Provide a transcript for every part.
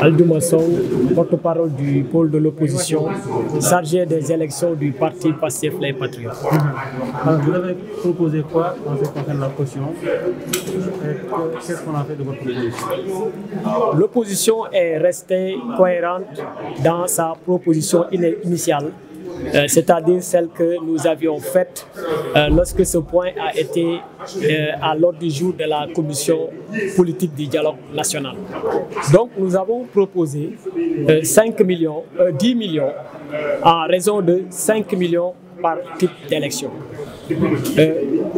Aldouma Sow porte-parole du pôle de l'opposition chargé des élections du parti Pastef les Patriotes. Mhm. Alors vous en ce qui et qu'est-ce a fait de votre L'opposition est restée cohérente dans sa proposition initiale Euh, c'est-à-dire celle que nous avions faite euh, lorsque ce point a été euh, à l'ordre du jour de la commission politique du dialogue national. Donc nous avons proposé 5 millions, 10 en raison de 5 millions par type d'élection. Euh,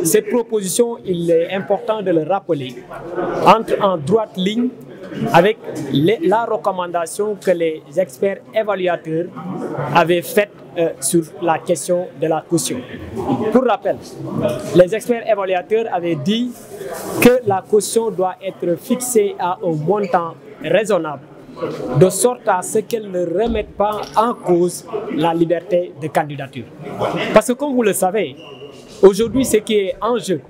cette proposition, il est important de le rappeler, entre en droite ligne avec les, la recommandation que les experts évaluateurs avait faite euh, sur la question de la caution. Pour rappel, les experts évaluateurs avaient dit que la caution doit être fixée à un montant raisonnable, de sorte à ce qu'elle ne remette pas en cause la liberté de candidature. Parce que comme vous le savez, aujourd'hui ce qui est en jeu,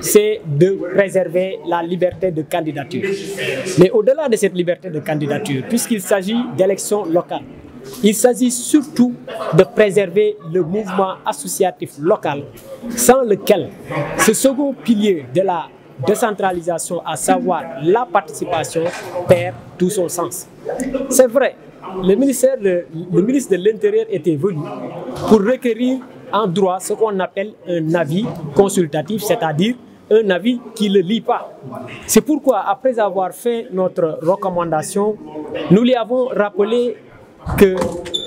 c'est de préserver la liberté de candidature. Mais au-delà de cette liberté de candidature, puisqu'il s'agit d'élections locales, Il s'agit surtout de préserver le mouvement associatif local, sans lequel ce second pilier de la décentralisation, à savoir la participation, perd tout son sens. C'est vrai, le, ministère, le, le ministre de l'Intérieur était venu pour requérir en droit ce qu'on appelle un avis consultatif, c'est-à-dire un avis qui ne le lit pas. C'est pourquoi, après avoir fait notre recommandation, nous lui avons rappelé que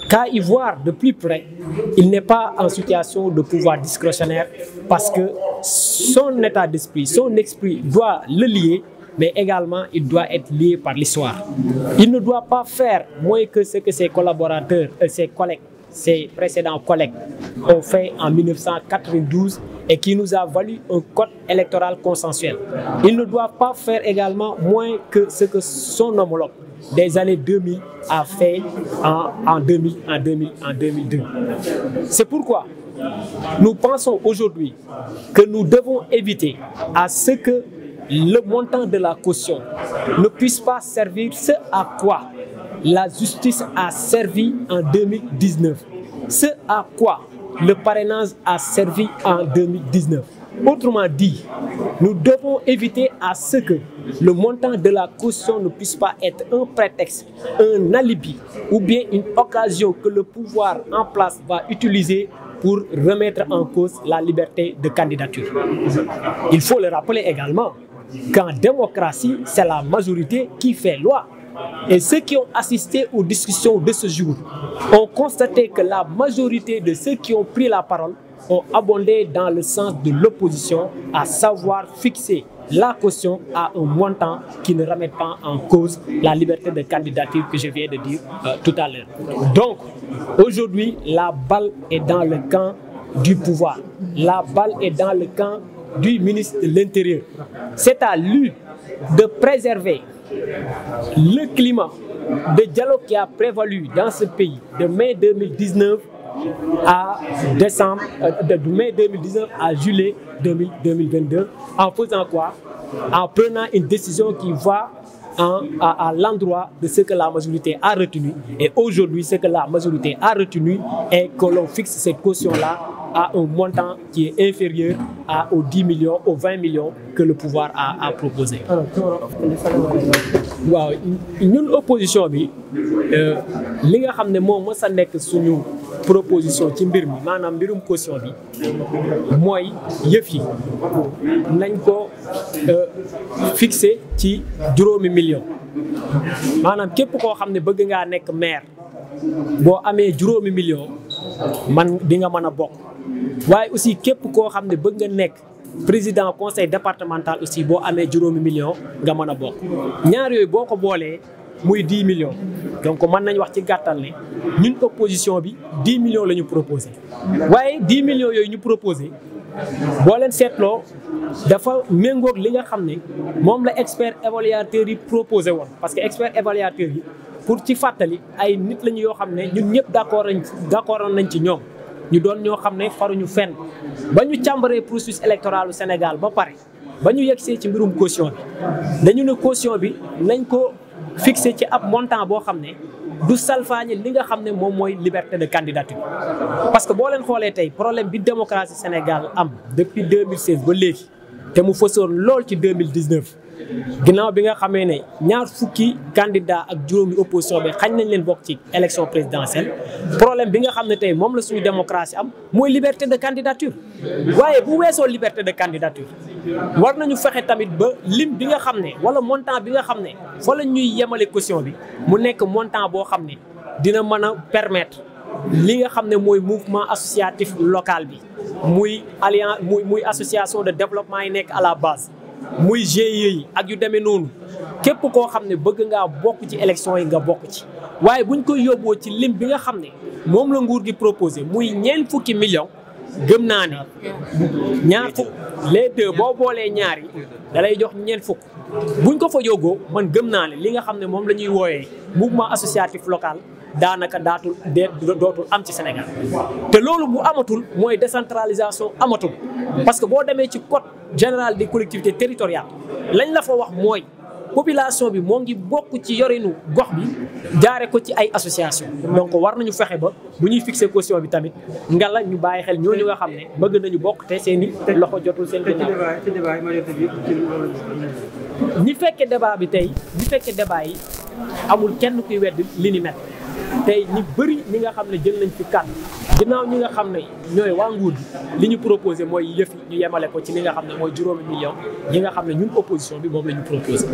qu'à y de plus près, il n'est en situation de pouvoir discrétionnaire parce que son état son esprit doit le mais également il doit être lié par l'histoire. Il que ce que ses collaborateurs, euh, ses collègues, ses précédents collègues ont fait en 1992 et qui nous a valu également moins que ce que des années 2000 a fait en, en, 2000, en, 2000, en 2002. C'est pourquoi nous pensons aujourd'hui que nous devons éviter à ce que le montant de la caution ne puisse pas servir ce à quoi la justice a servi en 2019, ce à quoi le parrainage a servi en 2019. Autrement dit, nous devons éviter à ce que le montant de la caution ne puisse pas être un prétexte, un alibi ou bien une occasion que le pouvoir en place va utiliser pour remettre en cause la liberté de candidature. Il faut le rappeler également qu'en démocratie, c'est la majorité qui fait loi. Et ceux qui ont assisté aux discussions de ce jour ont constaté que la majorité de ceux qui ont pris la parole ont abondé dans le sens de l'opposition, à savoir fixer la caution à un montant qui ne remet pas en cause la liberté de candidature que de dire euh, tout à l'heure. Donc, la balle est dans le camp du pouvoir. La balle est dans le camp du ministre de l'Intérieur. C'est à lui de préserver le climat de dialogue qui a prévalu dans ce pays de mai à décembre, euh, de mai 2019 à juillet 2000, 2022, en faisant quoi En prenant une décision qui va en, à, à l'endroit de ce que la majorité Et aujourd'hui, ce la majorité a est que à un montant ci est inférieur à, aux 10 millions, aux 20 millions que le pouvoir a, a proposé. waaw ñun opposition bi euh, li nga xam ne moom mës nekk suñu proposition ci mbir mi maanaam mbirum caution bi mooy yëf yi nañ ko euh, fixé ci juróomi million maanaam képp koo xam ne bëgg ngaa nekk maire boo amee juróomi million man di nga mën a bokk waaye aussi képp koo xam ne bëgg nga nekk président conseil départemental aussi boo amee juróomi million nga mën a bokk ñaar yooyu boo ko boolee muy 10 millions donc mën nañu wax ci gàttal ne ñun opposition bi 10 millions la ñu proposé waaye 10 millions yooyu ñu proposé boo leen seetloo dafa méngoog li nga xam ne moom la expert évaluateur yi proposé woon parce que expert évaluateur yi pour ci fàttali ay nit lañu yoo xam ne ñun ñëpp d'accord nañ d'accord nañ ci ñoom ñu doon ñoo xam ne faruñu fenn ba ñu càmbaree processus électoral u Sénégal ba pare ba ñu yegsee ci mbirum caution bi dañu ne caution bi nañ ko fixé ci ab montant boo xam ne du salfaañi li nga xam ne moom mooy liberté de candidature parce que boo leen xoolee tey problème bi démocratie Sénégal am depuis 2016 ba léegi te mu fësoon lool ci 2019 ginnaaw bi nga xamee ne ñaar fukki candidat ak juróomi opposition bi xañ nañ leen bokk ci élection présidentielle problème bi nga xam ne tey moom la suñu démocratie am mooy liberté de candidature waaye bu weesoo liberté de candidature war nañu fexe tamit ba lim bi nga xam ne wala montant bi nga xam ne fa la ñuy yemale caution bi mu nekk montant boo xam ne dina mën a permettre li nga xam ne mooy mouvement associatif local bi muy alliance muy muy association de développement yi nekk à la base muy GIE yi ak yu demee noonu képp koo xam ne bëgg ngaa bokk ci élection yi nga bokk ci waaye buñ koy yóbboo ci lim bi nga xam ne moom la nguur gi proposé muy ñeent fukki million gëm naa ne ñaar fukk les boo boolee ñaar yi da jox ñeent fukk buñ ko fa yóbboo man gëm naa ne li nga xam ne moom la ñuy wooyee mouvement associatif local daanaka daatul dee dootul am ci Sénégal te loolu bu amatul mooy décentralisation amatul parce que boo demee ci code général des collectivités territoriales lañ la fa wax mooy population bi moo ngi bokk ci yorinu gox bi jaare ko ci ay association donc war nañu fexe ba bu ñuy fixé caution bi tamit nga la ñu bàyyi xel ñooñu nga xam ne bëgg nañu bokk te seen i loxo jotul seen ñi fekkee débat bi tey ñi fekkee débat yi amul kenn kuy wedd li ni mel tey ñi bëri ñi nga xam ne jël nañ fi kàddu ginnaaw ñi nga xam ne ñooy waa nguur li ñu proposé mooy yëf ñu yemale ko ci li nga xam ne mooy juróomi million ñi nga xam ne ñun opposition bi moom la ñu proposé